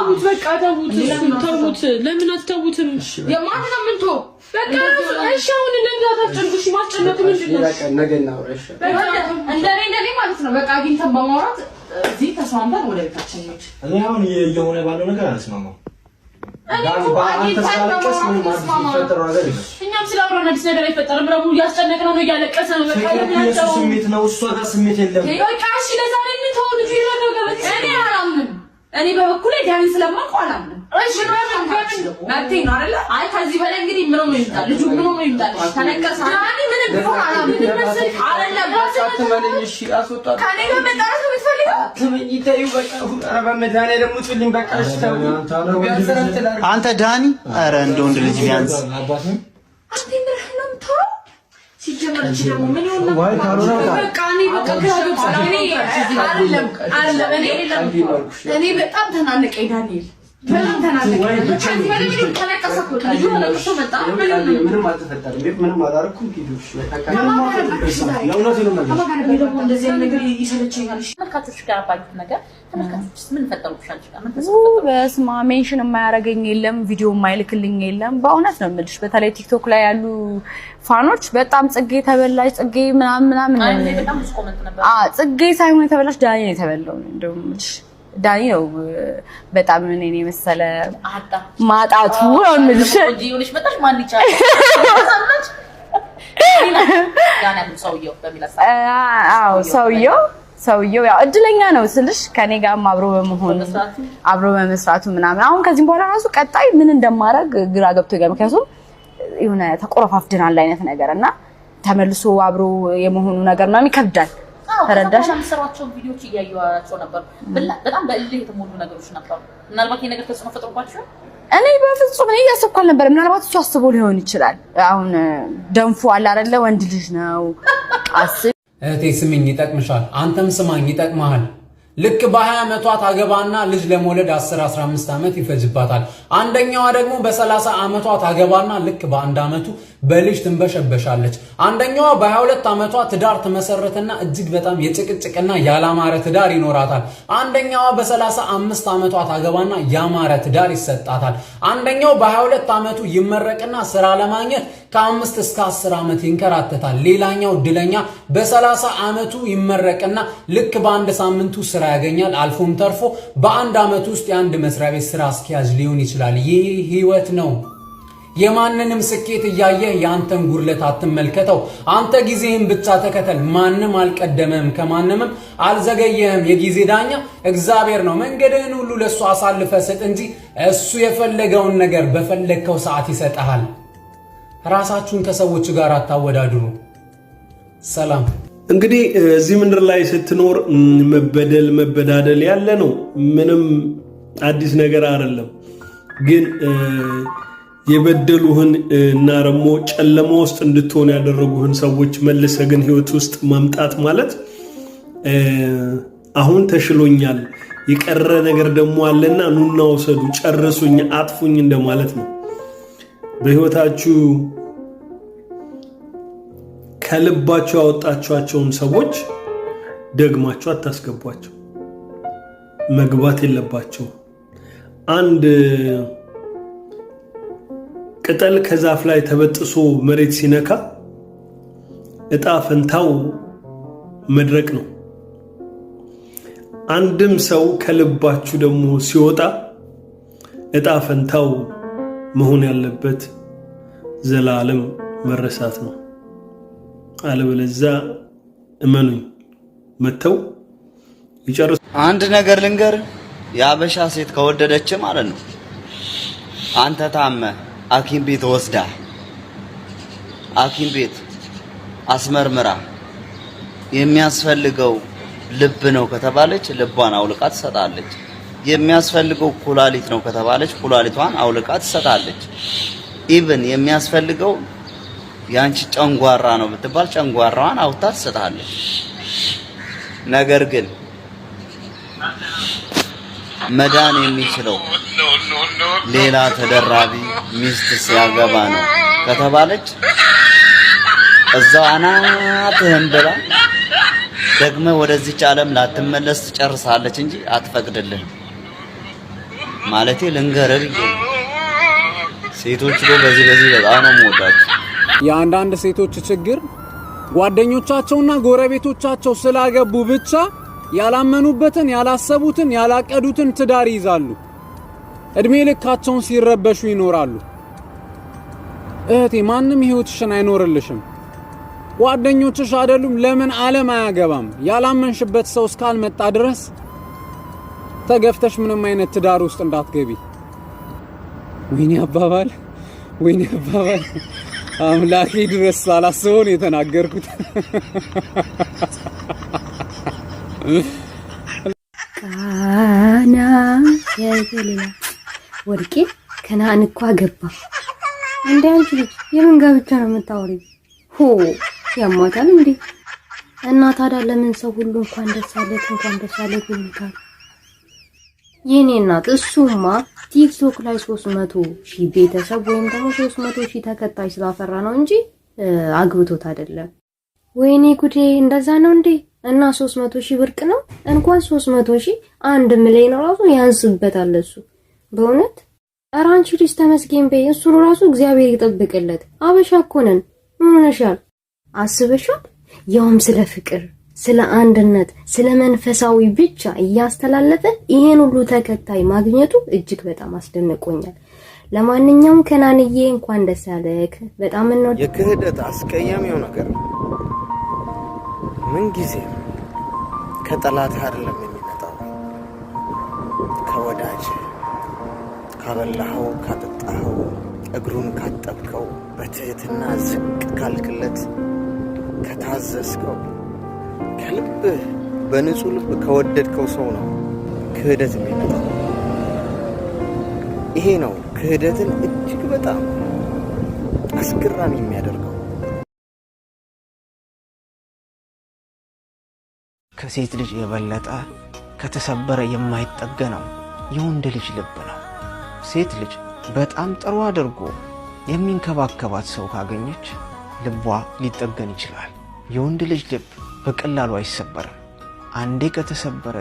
ተዉት፣ በቃ ተዉት፣ ተዉት። ለምን አትተውትም? የማንን ነው በቃ እሺ፣ አሁን ለምን አታስጨንቁሽ? ማስጨነቁ ምንድን ነው? ነገ እንደኔ እንደኔ ማለት ነው። በቃ አግኝተን በማውራት እዚህ ተስማምተን ወደ ቤታችን ነው። እኔ አሁን እየሆነ ባለው ነገር አልስማማም። እኛም ስለአብረን አዲስ ነገር አይፈጠርም። ረቡ እያስጨነቅነው ነው፣ እያለቀሰ ነው። በቃ ስሜት ነው፣ እሷ ጋር ስሜት የለም። በቃ እሺ፣ እኔ በበኩሌ ዳኒ ስለማውቀው አላምንም። እሺ ነው መብቴ ነው አይደለ? አይ ከዚህ በላይ እንግዲህ ምን ነው ይምጣል ልጁ ምን ነው ይምጣል። ተነቀሰ ዳኒ ምን ቢሆን አላምንም። አንተ ዳኒ፣ ኧረ እንደ ወንድ ልጅ ቢያንስ ሲጀመር ደግሞ ምን እኔ በጣም ተናነቀኝ ዳንኤል በስመ አብ ሜንሽን የማያደርገኝ የለም፣ ቪዲዮ የማይልክልኝ የለም። በእውነት ነው የምልሽ። በተለይ ቲክቶክ ላይ ያሉ ፋኖች በጣም ጽጌ ተበላሽ፣ ጽጌ ምናምን ምናምን፣ ጽጌ ሳይሆን የተበላሽ ዳኒ የተበላው ነው እንደውም የምልሽ ዳኒ ነው በጣም እኔን የመሰለ ማጣቱ ነው ሰውየው ሰውየው ያው እድለኛ ነው ስልሽ ከኔ ጋርም አብሮ በመሆኑ አብሮ በመስራቱ ምናምን አሁን ከዚህም በኋላ ራሱ ቀጣይ ምን እንደማደርግ ግራ ገብቶኛል። ምክንያቱም የሆነ ተቆረፋፍድናል አይነት ነገር እና ተመልሶ አብሮ የመሆኑ ነገር ምናምን ይከብዳል። ተረዳሽ? የምትሰሯቸውን ቪዲዮዎች እያየኋቸው ነበር። በጣም በእልህ የተሞሉ ነገሮች ነበሩ። ምናልባት የነገር ተጽዕኖ ፈጥሮባቸው እኔ በፍጹም እኔ እያሰብኩ አልነበረም። ምናልባት እሱ አስቦ ሊሆን ይችላል። አሁን ደንፎ አለ አይደለ? ወንድ ልጅ ነው። አስብ እህቴ፣ ስሚኝ፣ ይጠቅምሻል። አንተም ስማኝ፣ ይጠቅመሃል። ልክ በ20 ዓመቷ ታገባና ልጅ ለመውለድ 10 15 ዓመት ይፈጅባታል። አንደኛዋ ደግሞ በ30 ዓመቷ ታገባና ልክ በአንድ ዓመቱ በልጅ ትንበሸበሻለች። አንደኛዋ በ22 ዓመቷ ትዳር ትመሰረትና እጅግ በጣም የጭቅጭቅና ያላማረ ትዳር ይኖራታል። አንደኛዋ በ35 ዓመቷ ታገባና ያማረ ትዳር ይሰጣታል። አንደኛው በ22 ዓመቱ ይመረቅና ስራ ለማግኘት ከአምስት እስከ 10 ዓመት ይንከራተታል። ሌላኛው እድለኛ በ30 ዓመቱ ይመረቅና ልክ በአንድ ሳምንቱ ስራ ያገኛል። አልፎም ተርፎ በአንድ ዓመት ውስጥ የአንድ መስሪያ ቤት ስራ አስኪያጅ ሊሆን ይችላል። ይህ ህይወት ነው። የማንንም ስኬት እያየ የአንተን ጉድለት አትመልከተው። አንተ ጊዜህን ብቻ ተከተል። ማንም አልቀደመም፣ ከማንምም አልዘገየህም። የጊዜ ዳኛ እግዚአብሔር ነው። መንገድህን ሁሉ ለእሱ አሳልፈ ስጥ እንጂ እሱ የፈለገውን ነገር በፈለግከው ሰዓት ይሰጠሃል። ራሳችሁን ከሰዎች ጋር አታወዳድሩ። ሰላም እንግዲህ እዚህ ምድር ላይ ስትኖር መበደል መበዳደል ያለ ነው። ምንም አዲስ ነገር አይደለም። ግን የበደሉህን እና ደግሞ ጨለማ ውስጥ እንድትሆን ያደረጉህን ሰዎች መልሰ ግን ህይወት ውስጥ ማምጣት ማለት አሁን ተሽሎኛል፣ የቀረ ነገር ደግሞ አለና ኑና ውሰዱ፣ ጨርሱኝ፣ አጥፉኝ እንደማለት ነው በህይወታችሁ ከልባቸው ያወጣችኋቸውን ሰዎች ደግማቸው አታስገቧቸው። መግባት የለባቸው። አንድ ቅጠል ከዛፍ ላይ ተበጥሶ መሬት ሲነካ እጣ ፈንታው መድረቅ ነው። አንድም ሰው ከልባችሁ ደግሞ ሲወጣ እጣ ፈንታው መሆን ያለበት ዘላለም መረሳት ነው። አለበለዛ እመኑኝ መጥተው ይጨርሱ። አንድ ነገር ልንገር፣ የአበሻ ሴት ከወደደች ማለት ነው አንተ ታመ ሐኪም ቤት ወስዳ ሐኪም ቤት አስመርምራ የሚያስፈልገው ልብ ነው ከተባለች ልቧን አውልቃ ትሰጣለች። የሚያስፈልገው ኩላሊት ነው ከተባለች ኩላሊቷን አውልቃ ትሰጣለች። ኢቭን የሚያስፈልገው ያንቺ ጨንጓራ ነው ብትባል ጨንጓራዋን አውታ ትሰጥሃለች። ነገር ግን መዳን የሚችለው ሌላ ተደራቢ ሚስት ሲያገባ ነው ከተባለች እዛው አናትህን ብላ ደግመ ወደዚች ዓለም ላትመለስ ትጨርሳለች እንጂ አትፈቅድልህም። ማለቴ ልንገርህ ብዬ ሴቶች በዚህ በዚህ በጣም ነው የምወዳቸው። የአንዳንድ ሴቶች ችግር ጓደኞቻቸውና ጎረቤቶቻቸው ስላገቡ ብቻ ያላመኑበትን፣ ያላሰቡትን፣ ያላቀዱትን ትዳር ይዛሉ። እድሜ ልካቸውን ሲረበሹ ይኖራሉ። እህቴ ማንም ሕይወትሽን አይኖርልሽም። ጓደኞችሽ አይደሉም? ለምን ዓለም አያገባም? ያላመንሽበት ሰው እስካልመጣ ድረስ ተገፍተሽ ምንም አይነት ትዳር ውስጥ እንዳትገቢ። ወይኔ አባባል፣ ወይኔ አባባል አምላኬ ድረስ ሳላስበው የተናገርኩት። ካና ያይዘልላ ወርቄ ከነአን እኮ አገባ እንዴ! አንቺ ልጅ የምን ጋብቻ ነው የምታወሪው? ሆ ያማታል እንዴ! እና ታዲያ ለምን ሰው ሁሉ እንኳን ደስ አለህ እንኳን ደስ አለህ ይሉታል? የኔ እናት እሱማ ቲክቶክ ላይ 300 ሺህ ቤተሰብ ወይም ደግሞ 300 ሺህ ተከታይ ስላፈራ ነው እንጂ አግብቶት አይደለም። ወይኔ ጉዴ! እንደዛ ነው እንዴ? እና 300 ሺህ ብርቅ ነው? እንኳን 300 ሺህ አንድ ሚሊዮን ራሱ ያንስበታል እሱ በእውነት አራንቺ ልጅ ተመስገን በይ። እሱን ራሱ እግዚአብሔር ይጠብቅለት። አበሻ እኮ ነን። ምን ሆነሻል? አስበሻል? ያውም ስለ ፍቅር ስለ አንድነት፣ ስለ መንፈሳዊ ብቻ እያስተላለፈ ይሄን ሁሉ ተከታይ ማግኘቱ እጅግ በጣም አስደንቆኛል። ለማንኛውም ከናንዬ እንኳን ደስ ያለህ። በጣም ነው የክህደት አስቀያሚው ነገር ምን ጊዜ ከጠላት አይደለም የሚመጣው ከወዳጅ ካበላኸው፣ ካጠጣኸው፣ እግሩን ካጠብከው፣ በትህትና ዝቅ ካልክለት፣ ከታዘዝከው ከልብ በንጹህ ልብ ከወደድከው ሰው ነው ክህደት የሚመጣው። ይሄ ነው ክህደትን እጅግ በጣም አስገራሚ የሚያደርገው። ከሴት ልጅ የበለጠ ከተሰበረ የማይጠገነው የወንድ ልጅ ልብ ነው። ሴት ልጅ በጣም ጥሩ አድርጎ የሚንከባከባት ሰው ካገኘች ልቧ ሊጠገን ይችላል። የወንድ ልጅ ልብ በቀላሉ አይሰበርም። አንዴ ከተሰበረ